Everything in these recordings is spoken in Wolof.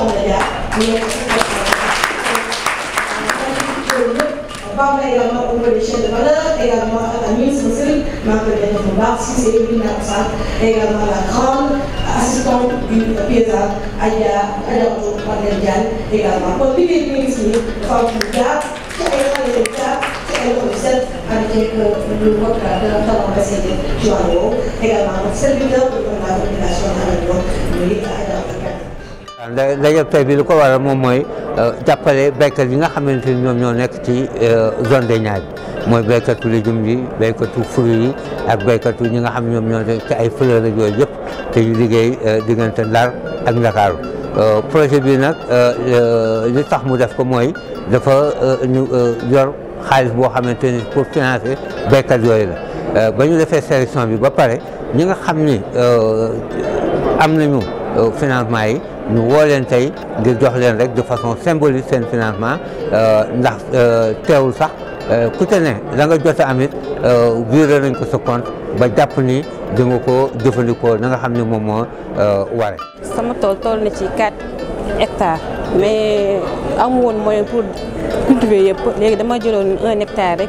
olmayacak. eylemler organizelemeli, eylemler Amin Mısır, Mahkemede Kumbak, Sisi, Bin Aksal, eylemler Khan, asistan piyasa, ayah, ayah untuk pekerjaan, eylemler. Politik ini sini, kalau tidak, eylemler tidak, eylemler bisa ada ke luar kerana kalau masih ada jualan, eylemler servir untuk melakukan nasional itu, ada. daje tey bii lu ko waral moom mooy euh, jàppale béykat yi nga xamante ni ñoom ñoo nekk ci euh, zone des Niayes mooy béykatu légumes yi béykatu fruits yi ak béykatu ñi nga xam ñoom ñoo nekk ci ay fleurs ak yooyu yëpp te ñu liggéey euh, diggante Ndar ak Ndakaaru projet bi nag li tax mu def ko mooy dafa ñu yor xaalis boo xamante ni pour financer béykat yooyu la ba ñu defee sélection bi ba pare ñi nga xam ni am nañu financement yi ñu woo leen tey ngir jox leen rek de façon symbolique seen financement euh, ndax euh, teewul sax euh, ku te ne la nga jot a amit viré nañ ko sa ba jàpp ni di ko jëfandikoo na nga xam ne moom moo ware sama tool tool na ci 4 hectares mais am woon moyen pour cultiver yëpp léegi dama jëloon un hectare rek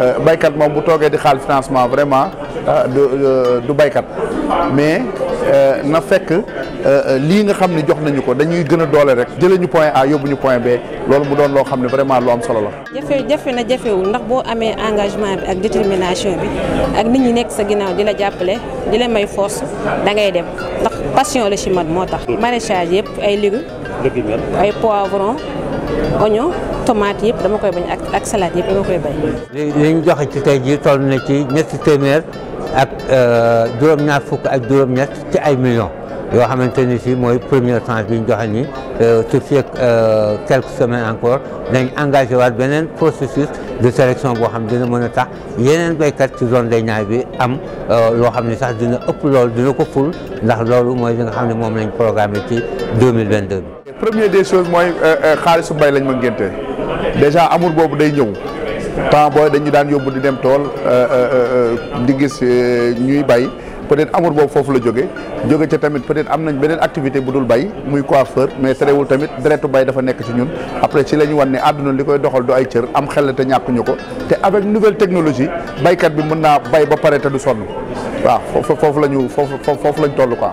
Euh, baykat mom bu toogee di xal financement vraiment euh, du euh, du baykat mais na fekk li nga xamni jox nañu ko dañuy gëna a doole rek jëlëñu point A yobuñu point B loolu mu doon loo xam ne vraiment lu am solo la. jafe jafe na jafewul ndax boo amee engagement bi ak détermination bi ak nit ñi nekk sa ginnaaw di la jàppale di la may force da ngay dem ndax passion la ci man moo tax. maraîchage yëpp ay légumes. ay poivron oignon tomate yëpp dama koy bañ ak ak salade yëpp dama koy bañ. li ñu joxe ci tey jii toll na ci ñetti téeméer ak euh, juróom-ñaar fukk ak juróom-ñett ci ay millions yoo xamante ni si mooy première tranche bi ñu joxe nii te fii ak quelques semaines encore dañ engagé waat beneen processus de sélection boo xam dina mën a tax yeneen béykat ci zone day Niayes bi am euh, loo xam ne sax dina ëpp loolu dina ko ful ndax loolu mooy li nga xam ne moom lañ programmé ci 2022 bi première des choses mooy euh, euh, xaalisu mbay lañ ma ngénte déjà amour boobu day ñëw temps booy dañuy daan yóbbu di dem tool euh, di gis ñuy bay peut-être amour boobu foofu la jóge jóge ca tamit peut-être am nañ beneen activité bu dul bay muy coiffeur mais terewul tamit deretu bay dafa nekk ci ñun après ci la ñu wan ne àdduna li koy doxal du ay cër am xel la te ñàkkuñu ko te avec nouvelle technologie baykat bi mën naa bay ba pare te du sonn waaw foofu la ñu foofu foofu la toll quoi.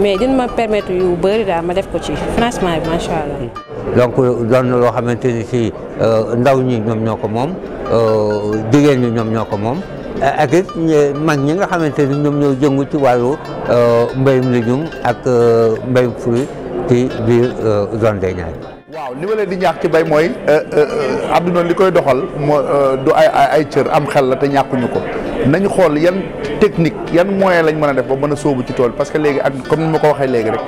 mais dina ma permettre yu bëri daal ma def ko ci financement bi macha allah. donc euh, doon na loo xamante ni si euh, ndaw ñi ñoom ñoo ko moom euh, jigéen ñi ñoom ñoo ko moom ak it mag ñi nga xamante ni ñoom ñoo jëngu ci mbayum mbéyum légume ak mbéyum fruit ci biir zone des Niayes. waaw li ma leen di ñaax ci bay mooy euh, euh, euh, àdduna li koy doxal moo du ay ay cër am xel la te ñàkkuñu ko nañu xool yan technique yan moyen lañ mën a def ba mën a sóobu ci tool parce que léegi ak comme ni ma ko waxee léegi rek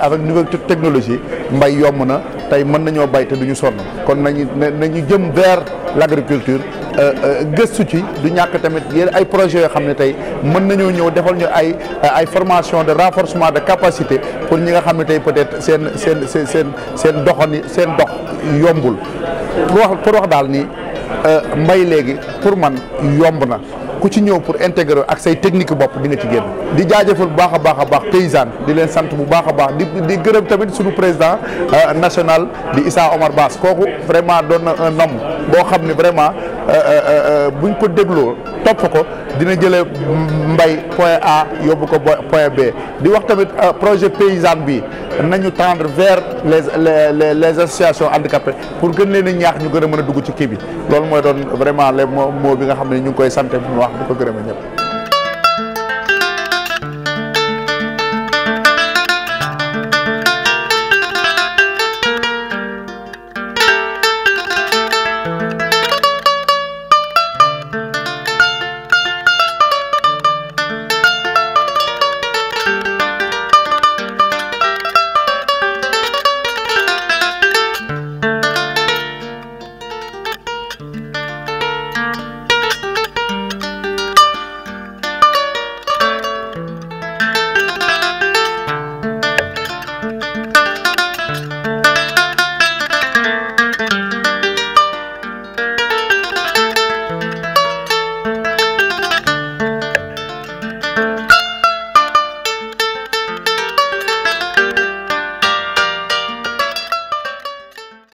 avec nouvelle technologie mbay yomb na tey mën nañoo bay te duñu sonn kon nañu nañu jëm vers l'agriculture Euh, euh, gëstu ci du ñàkk tamit yéen ay projets yoo xam ne tey mën nañoo ñëw defal ñu ay euh, ay formation de renforcement de capacité pour ñi nga xam ne tey peut-être seen seen seen seen seen doxani seen dox yombul pour wax pour wax daal ni mbay léegi pour man yomb na ku ci ñëw pour intégrer ak say technique bopp di nga ci génn di jaajëfal bu baax a baax a baax paysan di leen sant bu baax a baax di di gërëm tamit suñu président euh, national di Issa Omar Bass kooku vraiment doon na un homme boo xam ne vraiment euh, euh, buñ ko dégloo topp ko dina jëlee mbay point A yóbbu ko point B di wax tamit projet paysan bi nañu tendre vers les les les associations handicapées pour gën leen a ñaax ñu gën a mën a dugg ci kii bi loolu mooy doon vraiment les mots bi nga xam ne ñu ngi koy sant di ko gërëma ñëpp